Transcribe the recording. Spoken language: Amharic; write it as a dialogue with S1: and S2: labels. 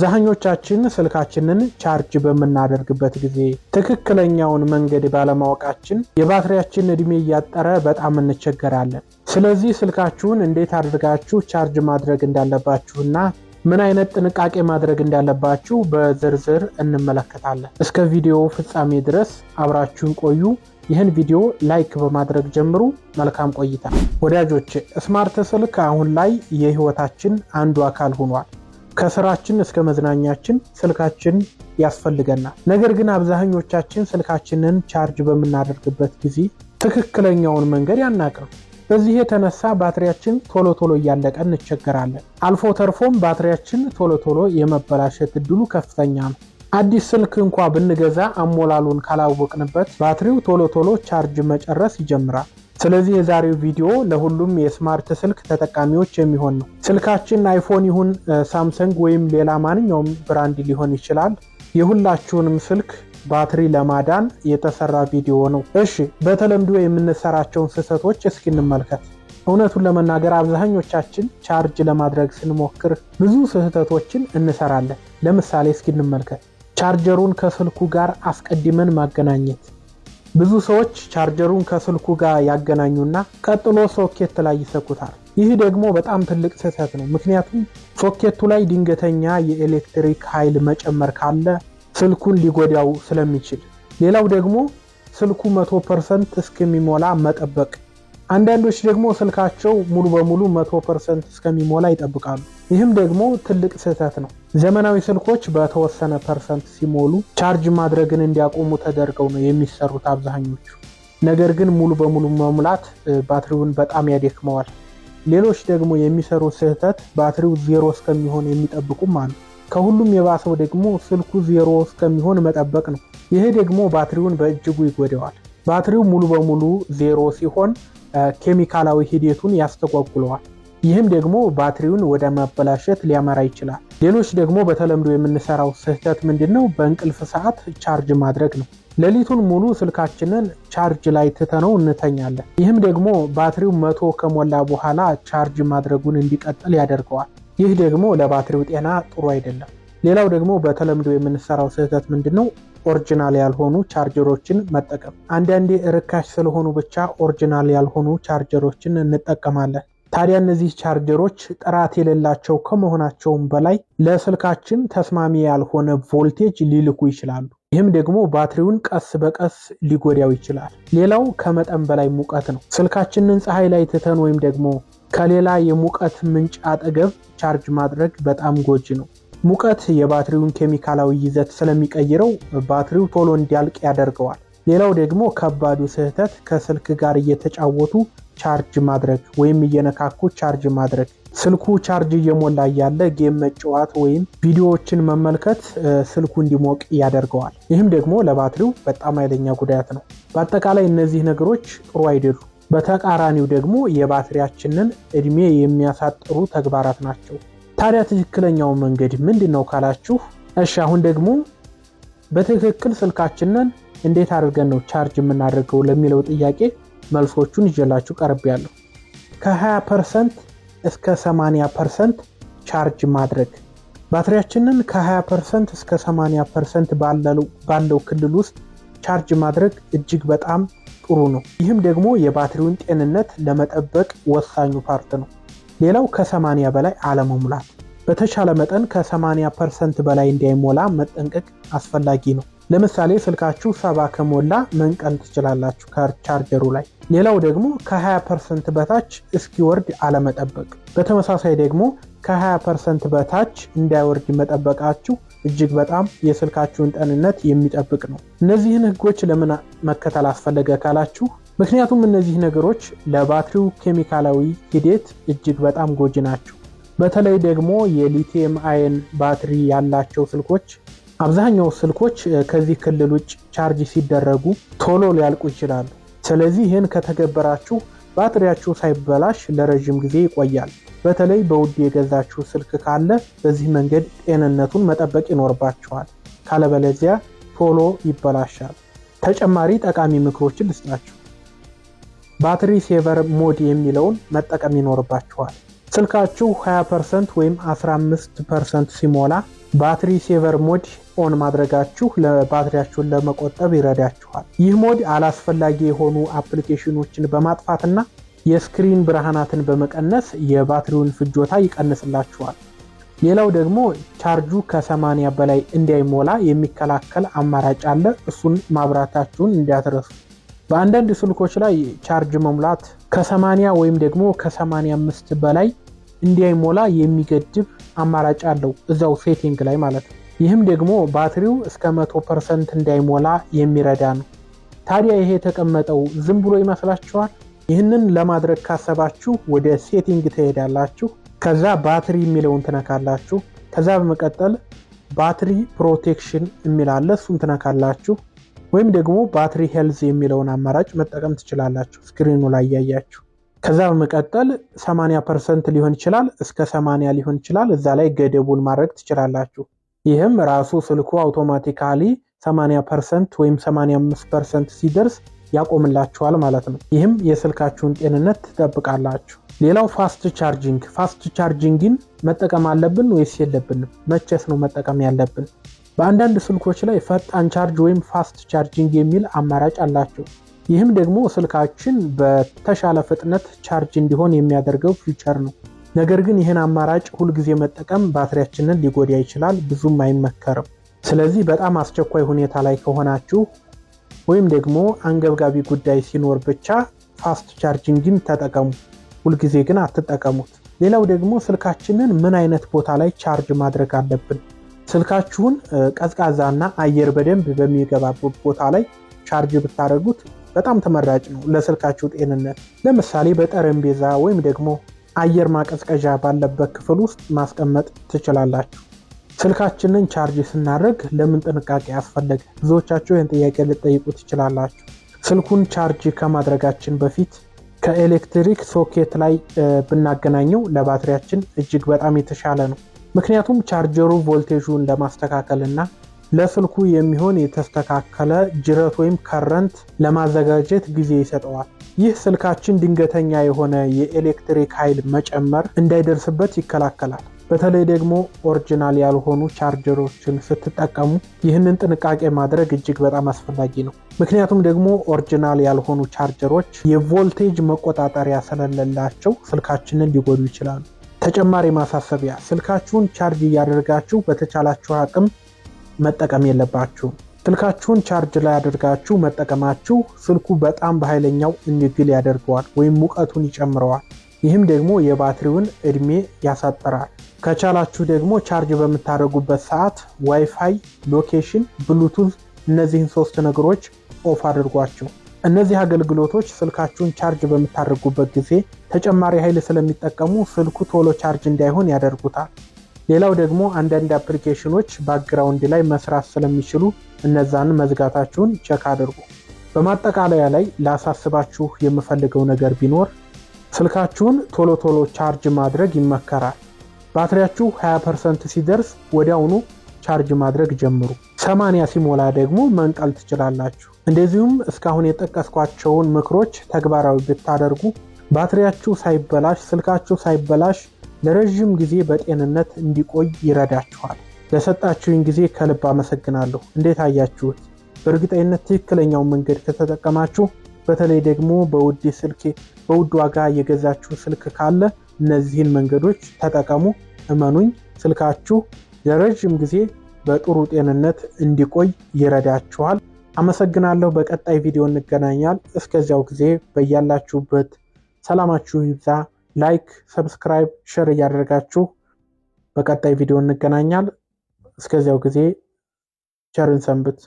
S1: አብዛኞቻችን ስልካችንን ቻርጅ በምናደርግበት ጊዜ ትክክለኛውን መንገድ ባለማወቃችን የባትሪያችን እድሜ እያጠረ በጣም እንቸገራለን። ስለዚህ ስልካችሁን እንዴት አድርጋችሁ ቻርጅ ማድረግ እንዳለባችሁና ምን አይነት ጥንቃቄ ማድረግ እንዳለባችሁ በዝርዝር እንመለከታለን። እስከ ቪዲዮ ፍጻሜ ድረስ አብራችሁን ቆዩ። ይህን ቪዲዮ ላይክ በማድረግ ጀምሩ። መልካም ቆይታ። ወዳጆች ስማርት ስልክ አሁን ላይ የህይወታችን አንዱ አካል ሆኗል። ከስራችን እስከ መዝናኛችን ስልካችን ያስፈልገናል። ነገር ግን አብዛኞቻችን ስልካችንን ቻርጅ በምናደርግበት ጊዜ ትክክለኛውን መንገድ ያናቅም። በዚህ የተነሳ ባትሪያችን ቶሎ ቶሎ እያለቀ እንቸገራለን። አልፎ ተርፎም ባትሪያችን ቶሎ ቶሎ የመበላሸት እድሉ ከፍተኛ ነው። አዲስ ስልክ እንኳ ብንገዛ አሞላሉን ካላወቅንበት ባትሪው ቶሎ ቶሎ ቻርጅ መጨረስ ይጀምራል። ስለዚህ የዛሬው ቪዲዮ ለሁሉም የስማርት ስልክ ተጠቃሚዎች የሚሆን ነው። ስልካችን አይፎን ይሁን ሳምሰንግ ወይም ሌላ ማንኛውም ብራንድ ሊሆን ይችላል። የሁላችሁንም ስልክ ባትሪ ለማዳን የተሰራ ቪዲዮ ነው። እሺ፣ በተለምዶ የምንሰራቸውን ስህተቶች እስኪ እንመልከት። እውነቱን ለመናገር አብዛኞቻችን ቻርጅ ለማድረግ ስንሞክር ብዙ ስህተቶችን እንሰራለን። ለምሳሌ እስኪ እንመልከት። ቻርጀሩን ከስልኩ ጋር አስቀድመን ማገናኘት ብዙ ሰዎች ቻርጀሩን ከስልኩ ጋር ያገናኙና ቀጥሎ ሶኬት ላይ ይሰኩታል። ይህ ደግሞ በጣም ትልቅ ስህተት ነው። ምክንያቱም ሶኬቱ ላይ ድንገተኛ የኤሌክትሪክ ኃይል መጨመር ካለ ስልኩን ሊጎዳው ስለሚችል፣ ሌላው ደግሞ ስልኩ መቶ ፐርሰንት እስከሚሞላ መጠበቅ አንዳንዶች ደግሞ ስልካቸው ሙሉ በሙሉ ፐርሰንት እስከሚሞላ ይጠብቃሉ። ይህም ደግሞ ትልቅ ስህተት ነው። ዘመናዊ ስልኮች በተወሰነ ፐርሰንት ሲሞሉ ቻርጅ ማድረግን እንዲያቆሙ ተደርገው ነው የሚሰሩት አብዛኞቹ። ነገር ግን ሙሉ በሙሉ መሙላት ባትሪውን በጣም ያደክመዋል። ሌሎች ደግሞ የሚሰሩት ስህተት ባትሪው ዜሮ እስከሚሆን የሚጠብቁም አሉ። ከሁሉም የባሰው ደግሞ ስልኩ ዜሮ እስከሚሆን መጠበቅ ነው። ይሄ ደግሞ ባትሪውን በእጅጉ ይጎዳዋል። ባትሪው ሙሉ በሙሉ ዜሮ ሲሆን ኬሚካላዊ ሂደቱን ያስተጓጉለዋል። ይህም ደግሞ ባትሪውን ወደ ማበላሸት ሊያመራ ይችላል። ሌሎች ደግሞ በተለምዶ የምንሰራው ስህተት ምንድን ነው? በእንቅልፍ ሰዓት ቻርጅ ማድረግ ነው። ሌሊቱን ሙሉ ስልካችንን ቻርጅ ላይ ትተነው እንተኛለን። ይህም ደግሞ ባትሪው መቶ ከሞላ በኋላ ቻርጅ ማድረጉን እንዲቀጥል ያደርገዋል። ይህ ደግሞ ለባትሪው ጤና ጥሩ አይደለም። ሌላው ደግሞ በተለምዶ የምንሰራው ስህተት ምንድን ነው? ኦሪጂናል ያልሆኑ ቻርጀሮችን መጠቀም። አንዳንዴ ርካሽ ስለሆኑ ብቻ ኦሪጂናል ያልሆኑ ቻርጀሮችን እንጠቀማለን። ታዲያ እነዚህ ቻርጀሮች ጥራት የሌላቸው ከመሆናቸውም በላይ ለስልካችን ተስማሚ ያልሆነ ቮልቴጅ ሊልኩ ይችላሉ። ይህም ደግሞ ባትሪውን ቀስ በቀስ ሊጎዳው ይችላል። ሌላው ከመጠን በላይ ሙቀት ነው። ስልካችንን ፀሐይ ላይ ትተን ወይም ደግሞ ከሌላ የሙቀት ምንጭ አጠገብ ቻርጅ ማድረግ በጣም ጎጂ ነው። ሙቀት የባትሪውን ኬሚካላዊ ይዘት ስለሚቀይረው ባትሪው ቶሎ እንዲያልቅ ያደርገዋል። ሌላው ደግሞ ከባዱ ስህተት ከስልክ ጋር እየተጫወቱ ቻርጅ ማድረግ ወይም እየነካኩ ቻርጅ ማድረግ። ስልኩ ቻርጅ እየሞላ እያለ ጌም መጫወት ወይም ቪዲዮዎችን መመልከት ስልኩ እንዲሞቅ ያደርገዋል። ይህም ደግሞ ለባትሪው በጣም ኃይለኛ ጉዳት ነው። በአጠቃላይ እነዚህ ነገሮች ጥሩ አይደሉም። በተቃራኒው ደግሞ የባትሪያችንን እድሜ የሚያሳጥሩ ተግባራት ናቸው። ታዲያ ትክክለኛው መንገድ ምንድን ነው ካላችሁ፣ እሺ አሁን ደግሞ በትክክል ስልካችንን እንዴት አድርገን ነው ቻርጅ የምናደርገው ለሚለው ጥያቄ መልሶቹን ይዤላችሁ ቀርቤያለሁ። ከ20 ፐርሰንት እስከ 80 ፐርሰንት ቻርጅ ማድረግ ባትሪያችንን ከ20 ፐርሰንት እስከ 80 ፐርሰንት ባለው ክልል ውስጥ ቻርጅ ማድረግ እጅግ በጣም ጥሩ ነው። ይህም ደግሞ የባትሪውን ጤንነት ለመጠበቅ ወሳኙ ፓርት ነው። ሌላው ከ80 በላይ አለመሙላት። በተሻለ መጠን ከ80 ፐርሰንት በላይ እንዳይሞላ መጠንቀቅ አስፈላጊ ነው። ለምሳሌ ስልካችሁ ሰባ ከሞላ መንቀል ትችላላችሁ ከቻርጀሩ ላይ። ሌላው ደግሞ ከ20 ፐርሰንት በታች እስኪወርድ አለመጠበቅ። በተመሳሳይ ደግሞ ከ20 ፐርሰንት በታች እንዳይወርድ መጠበቃችሁ እጅግ በጣም የስልካችሁን ጤንነት የሚጠብቅ ነው። እነዚህን ህጎች ለምን መከተል አስፈለገ ካላችሁ ምክንያቱም እነዚህ ነገሮች ለባትሪው ኬሚካላዊ ሂደት እጅግ በጣም ጎጂ ናቸው። በተለይ ደግሞ የሊቲየም አየን ባትሪ ያላቸው ስልኮች አብዛኛው ስልኮች ከዚህ ክልል ውጭ ቻርጅ ሲደረጉ ቶሎ ሊያልቁ ይችላሉ። ስለዚህ ይህን ከተገበራችሁ ባትሪያችሁ ሳይበላሽ ለረዥም ጊዜ ይቆያል። በተለይ በውድ የገዛችሁ ስልክ ካለ በዚህ መንገድ ጤንነቱን መጠበቅ ይኖርባችኋል። ካለበለዚያ ቶሎ ይበላሻል። ተጨማሪ ጠቃሚ ምክሮችን ልስጣችሁ። ባትሪ ሴቨር ሞድ የሚለውን መጠቀም ይኖርባችኋል። ስልካችሁ 20% ወይም 15% ሲሞላ ባትሪ ሴቨር ሞድ ኦን ማድረጋችሁ ለባትሪያችሁን ለመቆጠብ ይረዳችኋል። ይህ ሞድ አላስፈላጊ የሆኑ አፕሊኬሽኖችን በማጥፋትና የስክሪን ብርሃናትን በመቀነስ የባትሪውን ፍጆታ ይቀንስላችኋል። ሌላው ደግሞ ቻርጁ ከ80 በላይ እንዳይሞላ የሚከላከል አማራጭ አለ። እሱን ማብራታችሁን እንዲያትረሱ። በአንዳንድ ስልኮች ላይ ቻርጅ መሙላት ከ80 ወይም ደግሞ ከ85 በላይ እንዲያይሞላ የሚገድብ አማራጭ አለው እዛው ሴቲንግ ላይ ማለት ነው። ይህም ደግሞ ባትሪው እስከ 100 ፐርሰንት እንዳይሞላ የሚረዳ ነው። ታዲያ ይሄ የተቀመጠው ዝም ብሎ ይመስላችኋል? ይህንን ለማድረግ ካሰባችሁ ወደ ሴቲንግ ትሄዳላችሁ። ከዛ ባትሪ የሚለውን ትነካላችሁ። ከዛ በመቀጠል ባትሪ ፕሮቴክሽን የሚላለ እሱን ትነካላችሁ። ወይም ደግሞ ባትሪ ሄልዝ የሚለውን አማራጭ መጠቀም ትችላላችሁ ስክሪኑ ላይ ያያችሁ። ከዛ በመቀጠል 80 ፐርሰንት ሊሆን ይችላል እስከ 80 ሊሆን ይችላል። እዛ ላይ ገደቡን ማድረግ ትችላላችሁ። ይህም ራሱ ስልኩ አውቶማቲካሊ 80 ፐርሰንት ወይም 85 ፐርሰንት ሲደርስ ያቆምላችኋል ማለት ነው። ይህም የስልካችሁን ጤንነት ትጠብቃላችሁ። ሌላው ፋስት ቻርጂንግ ፋስት ቻርጂንግን መጠቀም አለብን ወይስ የለብንም? መቼስ ነው መጠቀም ያለብን? በአንዳንድ ስልኮች ላይ ፈጣን ቻርጅ ወይም ፋስት ቻርጅንግ የሚል አማራጭ አላቸው። ይህም ደግሞ ስልካችን በተሻለ ፍጥነት ቻርጅ እንዲሆን የሚያደርገው ፊውቸር ነው። ነገር ግን ይህን አማራጭ ሁልጊዜ መጠቀም ባትሪያችንን ሊጎዳ ይችላል፣ ብዙም አይመከርም። ስለዚህ በጣም አስቸኳይ ሁኔታ ላይ ከሆናችሁ ወይም ደግሞ አንገብጋቢ ጉዳይ ሲኖር ብቻ ፋስት ቻርጅንግን ተጠቀሙ። ሁልጊዜ ግን አትጠቀሙት። ሌላው ደግሞ ስልካችንን ምን አይነት ቦታ ላይ ቻርጅ ማድረግ አለብን ስልካችሁን ቀዝቃዛና አየር በደንብ በሚገባበት ቦታ ላይ ቻርጅ ብታደርጉት በጣም ተመራጭ ነው ለስልካችሁ ጤንነት። ለምሳሌ በጠረጴዛ ወይም ደግሞ አየር ማቀዝቀዣ ባለበት ክፍል ውስጥ ማስቀመጥ ትችላላችሁ። ስልካችንን ቻርጅ ስናደርግ ለምን ጥንቃቄ አስፈለገ? ብዙዎቻችሁ ይህን ጥያቄ ልጠይቁ ትችላላችሁ። ስልኩን ቻርጅ ከማድረጋችን በፊት ከኤሌክትሪክ ሶኬት ላይ ብናገናኘው ለባትሪያችን እጅግ በጣም የተሻለ ነው። ምክንያቱም ቻርጀሩ ቮልቴጁን ለማስተካከል እና ለስልኩ የሚሆን የተስተካከለ ጅረት ወይም ከረንት ለማዘጋጀት ጊዜ ይሰጠዋል። ይህ ስልካችን ድንገተኛ የሆነ የኤሌክትሪክ ኃይል መጨመር እንዳይደርስበት ይከላከላል። በተለይ ደግሞ ኦሪጂናል ያልሆኑ ቻርጀሮችን ስትጠቀሙ ይህንን ጥንቃቄ ማድረግ እጅግ በጣም አስፈላጊ ነው። ምክንያቱም ደግሞ ኦሪጂናል ያልሆኑ ቻርጀሮች የቮልቴጅ መቆጣጠሪያ ስለሌላቸው ስልካችንን ሊጎዱ ይችላሉ። ተጨማሪ ማሳሰቢያ፣ ስልካችሁን ቻርጅ እያደርጋችሁ በተቻላችሁ አቅም መጠቀም የለባችሁ። ስልካችሁን ቻርጅ ላይ አድርጋችሁ መጠቀማችሁ ስልኩ በጣም በኃይለኛው እንዲግል ያደርገዋል ወይም ሙቀቱን ይጨምረዋል። ይህም ደግሞ የባትሪውን እድሜ ያሳጠራል። ከቻላችሁ ደግሞ ቻርጅ በምታደርጉበት ሰዓት ዋይፋይ፣ ሎኬሽን፣ ብሉቱዝ እነዚህን ሶስት ነገሮች ኦፍ አድርጓቸው። እነዚህ አገልግሎቶች ስልካችሁን ቻርጅ በምታደርጉበት ጊዜ ተጨማሪ ኃይል ስለሚጠቀሙ ስልኩ ቶሎ ቻርጅ እንዳይሆን ያደርጉታል። ሌላው ደግሞ አንዳንድ አፕሊኬሽኖች ባክግራውንድ ላይ መስራት ስለሚችሉ እነዛን መዝጋታችሁን ቸክ አድርጉ። በማጠቃለያ ላይ ላሳስባችሁ የምፈልገው ነገር ቢኖር ስልካችሁን ቶሎ ቶሎ ቻርጅ ማድረግ ይመከራል። ባትሪያችሁ 20 ፐርሰንት ሲደርስ ወዲያውኑ ቻርጅ ማድረግ ጀምሩ። ሰማንያ ሲሞላ ደግሞ መንቀል ትችላላችሁ። እንደዚሁም እስካሁን የጠቀስኳቸውን ምክሮች ተግባራዊ ብታደርጉ ባትሪያችሁ ሳይበላሽ፣ ስልካችሁ ሳይበላሽ ለረዥም ጊዜ በጤንነት እንዲቆይ ይረዳችኋል። ለሰጣችሁኝ ጊዜ ከልብ አመሰግናለሁ። እንዴት አያችሁት? በእርግጠኝነት ትክክለኛውን መንገድ ከተጠቀማችሁ በተለይ ደግሞ በውድ ስልኬ በውድ ዋጋ የገዛችሁ ስልክ ካለ እነዚህን መንገዶች ተጠቀሙ። እመኑኝ ስልካችሁ ለረዥም ጊዜ በጥሩ ጤንነት እንዲቆይ ይረዳችኋል። አመሰግናለሁ። በቀጣይ ቪዲዮ እንገናኛል። እስከዚያው ጊዜ በያላችሁበት ሰላማችሁ ይብዛ። ላይክ፣ ሰብስክራይብ፣ ሸር እያደረጋችሁ በቀጣይ ቪዲዮ እንገናኛል። እስከዚያው ጊዜ ቸርን ሰንብት።